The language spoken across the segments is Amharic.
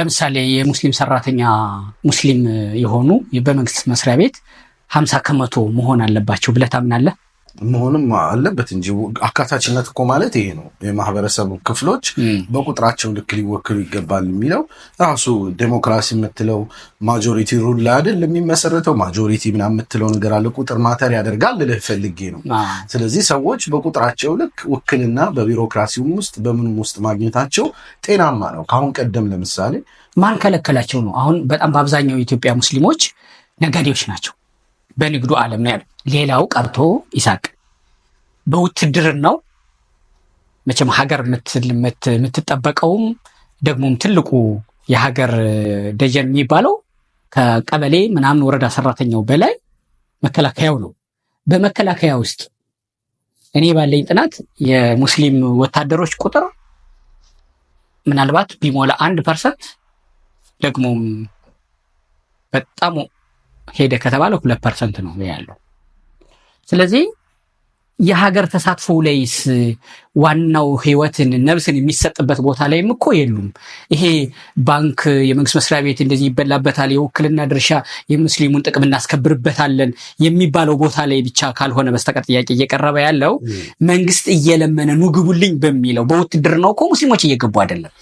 ለምሳሌ የሙስሊም ሰራተኛ ሙስሊም የሆኑ በመንግስት መስሪያ ቤት ሀምሳ ከመቶ መሆን አለባቸው ብለህ ታምናለህ? መሆንም አለበት እንጂ አካታችነት እኮ ማለት ይሄ ነው። የማህበረሰቡ ክፍሎች በቁጥራቸው ልክ ሊወክሉ ይገባል የሚለው ራሱ ዴሞክራሲ የምትለው ማጆሪቲ ሩል ላይ አይደል የሚመሰረተው። ማጆሪቲ ምናምን የምትለው ነገር አለ። ቁጥር ማተር ያደርጋል ልልህ ፈልጌ ነው። ስለዚህ ሰዎች በቁጥራቸው ልክ ውክልና በቢሮክራሲውም ውስጥ በምንም ውስጥ ማግኘታቸው ጤናማ ነው። ከአሁን ቀደም ለምሳሌ ማን ከለከላቸው ነው? አሁን በጣም በአብዛኛው የኢትዮጵያ ሙስሊሞች ነጋዴዎች ናቸው። በንግዱ አለም ነው ያለው ሌላው ቀርቶ ይስሐቅ በውትድርናው መቼም ሀገር የምትጠበቀውም ደግሞም ትልቁ የሀገር ደጀን የሚባለው ከቀበሌ ምናምን ወረዳ ሰራተኛው በላይ መከላከያው ነው። በመከላከያ ውስጥ እኔ ባለኝ ጥናት የሙስሊም ወታደሮች ቁጥር ምናልባት ቢሞላ አንድ ፐርሰንት ደግሞም በጣም ሄደ ከተባለ ሁለት ፐርሰንት ነው ያለው። ስለዚህ የሀገር ተሳትፎ ላይስ ዋናው ህይወትን ነብስን የሚሰጥበት ቦታ ላይም እኮ የሉም። ይሄ ባንክ፣ የመንግስት መስሪያ ቤት እንደዚህ ይበላበታል፣ የውክልና ድርሻ የሙስሊሙን ጥቅም እናስከብርበታለን የሚባለው ቦታ ላይ ብቻ ካልሆነ በስተቀር ጥያቄ እየቀረበ ያለው መንግስት እየለመነ ኑግቡልኝ በሚለው በውትድርና እኮ ሙስሊሞች እየገቡ አይደለም።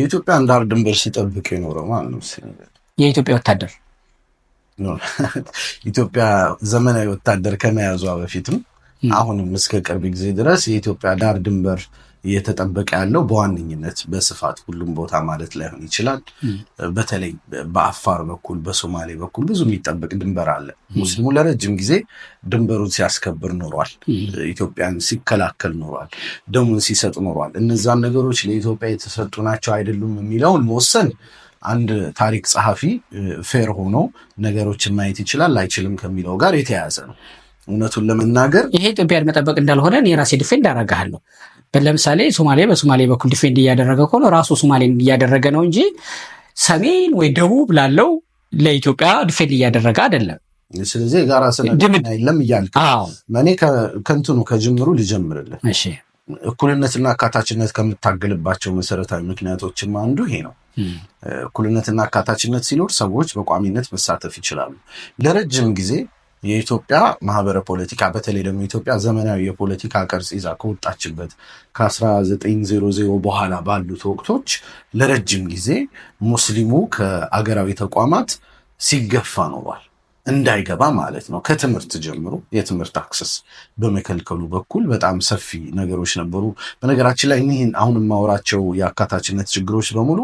የኢትዮጵያ አንዳር ድንበር ሲጠብቅ የኖረው የኢትዮጵያ ወታደር ኢትዮጵያ ዘመናዊ ወታደር ከመያዟ በፊትም አሁንም እስከ ቅርብ ጊዜ ድረስ የኢትዮጵያ ዳር ድንበር እየተጠበቀ ያለው በዋነኝነት በስፋት ሁሉም ቦታ ማለት ላይሆን ይችላል። በተለይ በአፋር በኩል በሶማሌ በኩል ብዙ የሚጠበቅ ድንበር አለ። ሙስሊሙ ለረጅም ጊዜ ድንበሩን ሲያስከብር ኖሯል። ኢትዮጵያን ሲከላከል ኖሯል። ደሙን ሲሰጥ ኖሯል። እነዛን ነገሮች ለኢትዮጵያ የተሰጡ ናቸው አይደሉም የሚለውን መወሰን አንድ ታሪክ ጸሐፊ ፌር ሆኖ ነገሮችን ማየት ይችላል አይችልም ከሚለው ጋር የተያያዘ ነው። እውነቱን ለመናገር ይሄ ኢትዮጵያን መጠበቅ እንዳልሆነ እኔ ራሴ ዲፌንድ አደርግሃለሁ። ለምሳሌ ሶማሌ በሶማሌ በኩል ዲፌንድ እያደረገ ከሆነ ራሱ ሶማሌን እያደረገ ነው እንጂ ሰሜን ወይ ደቡብ ላለው ለኢትዮጵያ ዲፌንድ እያደረገ አይደለም። ስለዚህ የጋራ ስነ የለም እያልክ እኔ ከንትኑ ከጅምሩ ልጀምርልህ። እኩልነትና አካታችነት ከምታገልባቸው መሰረታዊ ምክንያቶችም አንዱ ይሄ ነው። እኩልነትና አካታችነት ሲኖር ሰዎች በቋሚነት መሳተፍ ይችላሉ። ለረጅም ጊዜ የኢትዮጵያ ማህበረ ፖለቲካ በተለይ ደግሞ ኢትዮጵያ ዘመናዊ የፖለቲካ ቅርጽ ይዛ ከወጣችበት ከ1900 በኋላ ባሉት ወቅቶች ለረጅም ጊዜ ሙስሊሙ ከአገራዊ ተቋማት ሲገፋ ኖሯል። እንዳይገባ ማለት ነው። ከትምህርት ጀምሮ የትምህርት አክሰስ በመከልከሉ በኩል በጣም ሰፊ ነገሮች ነበሩ። በነገራችን ላይ እኒህን አሁን የማወራቸው የአካታችነት ችግሮች በሙሉ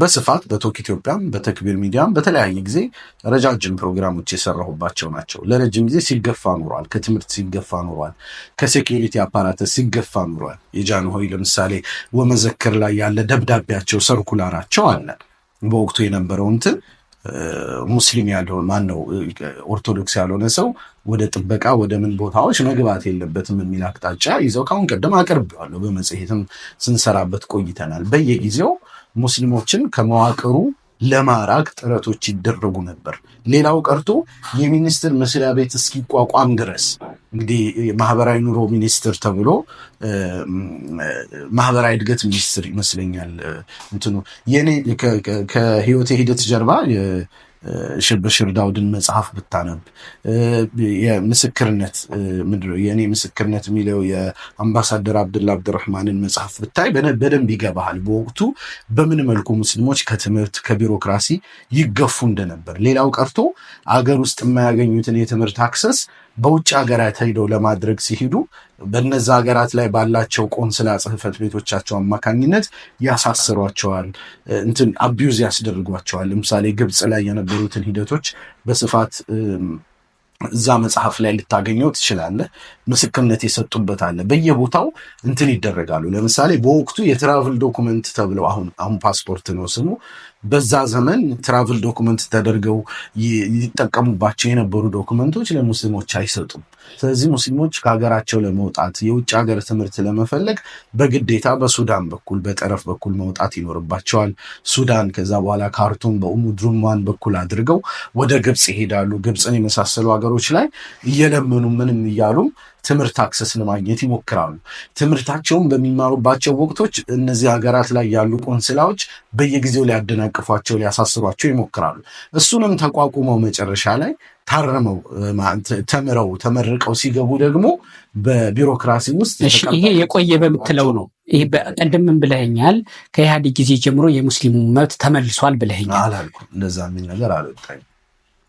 በስፋት በቶክ ኢትዮጵያም በተክቢር ሚዲያም በተለያየ ጊዜ ረጃጅም ፕሮግራሞች የሰራሁባቸው ናቸው። ለረጅም ጊዜ ሲገፋ ኑሯል። ከትምህርት ሲገፋ ኑሯል። ከሴኪሪቲ አፓራተስ ሲገፋ ኑሯል። የጃንሆይ ለምሳሌ ወመዘክር ላይ ያለ ደብዳቤያቸው ሰርኩላራቸው አለ። በወቅቱ የነበረው እንትን ሙስሊም ያልሆነ ማን ነው ኦርቶዶክስ ያልሆነ ሰው ወደ ጥበቃ ወደ ምን ቦታዎች መግባት የለበትም የሚል አቅጣጫ ይዘው ከአሁን ቀደም አቅርቤዋለሁ። በመጽሔትም ስንሰራበት ቆይተናል። በየጊዜው ሙስሊሞችን ከመዋቅሩ ለማራቅ ጥረቶች ይደረጉ ነበር። ሌላው ቀርቶ የሚኒስትር መስሪያ ቤት እስኪቋቋም ድረስ እንግዲህ ማህበራዊ ኑሮ ሚኒስትር ተብሎ ማህበራዊ እድገት ሚኒስትር ይመስለኛል እንትኑ የኔ ከህይወቴ ሂደት ጀርባ ሽብሽር ዳውድን መጽሐፍ ብታነብ የምስክርነት ምንድን የእኔ ምስክርነት የሚለው የአምባሳደር አብድላ አብድራህማንን መጽሐፍ ብታይ በደንብ ይገባሃል። በወቅቱ በምን መልኩ ሙስሊሞች ከትምህርት ከቢሮክራሲ ይገፉ እንደነበር ሌላው ቀርቶ አገር ውስጥ የማያገኙትን የትምህርት አክሰስ በውጭ ሀገራት ሄደው ለማድረግ ሲሄዱ በነዛ ሀገራት ላይ ባላቸው ቆንስላ ጽህፈት ቤቶቻቸው አማካኝነት ያሳስሯቸዋል፣ እንትን አቢዩዝ ያስደርጓቸዋል። ለምሳሌ ግብፅ ላይ የነበሩትን ሂደቶች በስፋት እዛ መጽሐፍ ላይ ልታገኘው ትችላለህ። ምስክርነት የሰጡበት አለ። በየቦታው እንትን ይደረጋሉ። ለምሳሌ በወቅቱ የትራቭል ዶኩመንት ተብለው አሁን አሁን ፓስፖርት ነው ስሙ። በዛ ዘመን ትራቭል ዶኩመንት ተደርገው ይጠቀሙባቸው የነበሩ ዶኩመንቶች ለሙስሊሞች አይሰጡም። ስለዚህ ሙስሊሞች ከሀገራቸው ለመውጣት የውጭ ሀገር ትምህርት ለመፈለግ በግዴታ በሱዳን በኩል በጠረፍ በኩል መውጣት ይኖርባቸዋል። ሱዳን፣ ከዛ በኋላ ካርቱም በኡምድሩማን በኩል አድርገው ወደ ግብፅ ይሄዳሉ። ግብፅን የመሳሰሉ ሀገሮች ላይ እየለመኑ ምንም እያሉም ትምህርት አክሰስ ለማግኘት ይሞክራሉ። ትምህርታቸውን በሚማሩባቸው ወቅቶች እነዚህ ሀገራት ላይ ያሉ ቆንስላዎች በየጊዜው ሊያደናቅፏቸው፣ ሊያሳስሯቸው ይሞክራሉ። እሱንም ተቋቁመው መጨረሻ ላይ ታረመው ተምረው ተመርቀው ሲገቡ ደግሞ በቢሮክራሲ ውስጥ ይሄ የቆየ በምትለው ነው። ይሄ በቀደምም ብለኸኛል፣ ከኢህአዴግ ጊዜ ጀምሮ የሙስሊሙ መብት ተመልሷል ብለኸኛል። አላልኩም እንደዛ የሚል ነገር አልወጣኝ።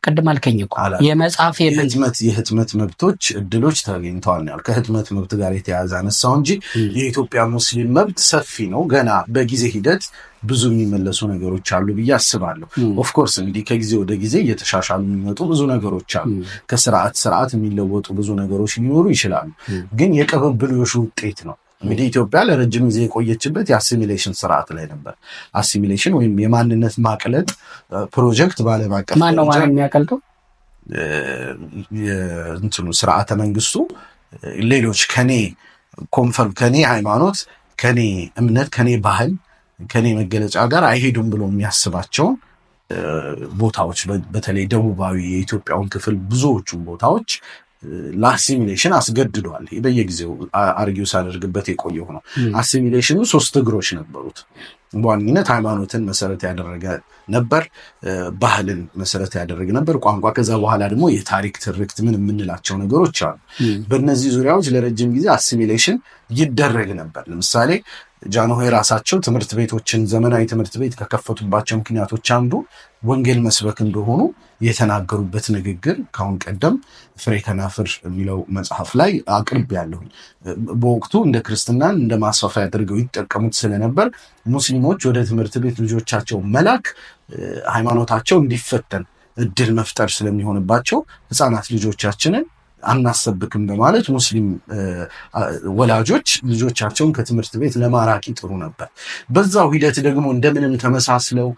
ቅድም አልከኝ እኮ የመጽሐፍ የህትመት መብቶች እድሎች ተገኝተዋል ያል ከህትመት መብት ጋር የተያያዘ አነሳው እንጂ የኢትዮጵያ ሙስሊም መብት ሰፊ ነው። ገና በጊዜ ሂደት ብዙ የሚመለሱ ነገሮች አሉ ብዬ አስባለሁ። ኦፍኮርስ እንዲህ ከጊዜ ወደ ጊዜ እየተሻሻሉ የሚመጡ ብዙ ነገሮች አሉ። ከስርዓት ስርዓት የሚለወጡ ብዙ ነገሮች ሊኖሩ ይችላሉ። ግን የቅብብሎሽ ውጤት ነው። እንግዲህ ኢትዮጵያ ለረጅም ጊዜ የቆየችበት የአሲሚሌሽን ስርዓት ላይ ነበር። አሲሚሌሽን ወይም የማንነት ማቅለጥ ፕሮጀክት በዓለም አቀፍ ማነው የሚያቀልጠው እንትኑ ስርዓተ መንግስቱ ሌሎች ከኔ ኮንፈርም ከኔ ሃይማኖት፣ ከኔ እምነት፣ ከኔ ባህል፣ ከኔ መገለጫ ጋር አይሄዱም ብሎ የሚያስባቸውን ቦታዎች በተለይ ደቡባዊ የኢትዮጵያውን ክፍል ብዙዎቹን ቦታዎች ለአሲሚሌሽን አስገድዷል። በየጊዜው አርጊው ሳደርግበት የቆየው ነው። አሲሚሌሽኑ ሶስት እግሮች ነበሩት። በዋነኝነት ሃይማኖትን መሰረት ያደረገ ነበር፣ ባህልን መሰረት ያደረገ ነበር፣ ቋንቋ። ከዛ በኋላ ደግሞ የታሪክ ትርክት ምን የምንላቸው ነገሮች አሉ። በእነዚህ ዙሪያዎች ለረጅም ጊዜ አሲሚሌሽን ይደረግ ነበር። ለምሳሌ ጃንሆይ ራሳቸው ትምህርት ቤቶችን ዘመናዊ ትምህርት ቤት ከከፈቱባቸው ምክንያቶች አንዱ ወንጌል መስበክ እንደሆኑ የተናገሩበት ንግግር ከአሁን ቀደም ፍሬ ከናፍር የሚለው መጽሐፍ ላይ አቅርብ ያለሁኝ በወቅቱ እንደ ክርስትናን እንደ ማስፋፋያ አድርገው ይጠቀሙት ስለነበር ሙስሊሞች ወደ ትምህርት ቤት ልጆቻቸው መላክ ሃይማኖታቸው እንዲፈተን እድል መፍጠር ስለሚሆንባቸው ህፃናት ልጆቻችንን አናሰብክም በማለት ሙስሊም ወላጆች ልጆቻቸውን ከትምህርት ቤት ለማራቅ ይጥሩ ነበር። በዛው ሂደት ደግሞ እንደምንም ተመሳስለው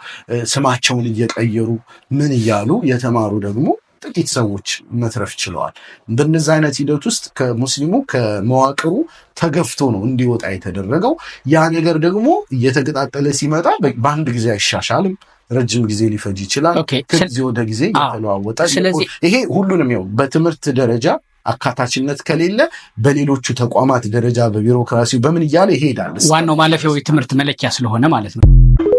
ስማቸውን እየቀየሩ ምን እያሉ የተማሩ ደግሞ ጥቂት ሰዎች መትረፍ ችለዋል። በነዛ አይነት ሂደት ውስጥ ከሙስሊሙ ከመዋቅሩ ተገፍቶ ነው እንዲወጣ የተደረገው። ያ ነገር ደግሞ እየተገጣጠለ ሲመጣ በአንድ ጊዜ አይሻሻልም። ረጅም ጊዜ ሊፈጅ ይችላል። ከጊዜ ወደ ጊዜ የተለዋወጠ ይሄ ሁሉንም ው በትምህርት ደረጃ አካታችነት ከሌለ በሌሎቹ ተቋማት ደረጃ በቢሮክራሲ በምን እያለ ይሄዳል። ዋናው ማለፊያው የትምህርት መለኪያ ስለሆነ ማለት ነው።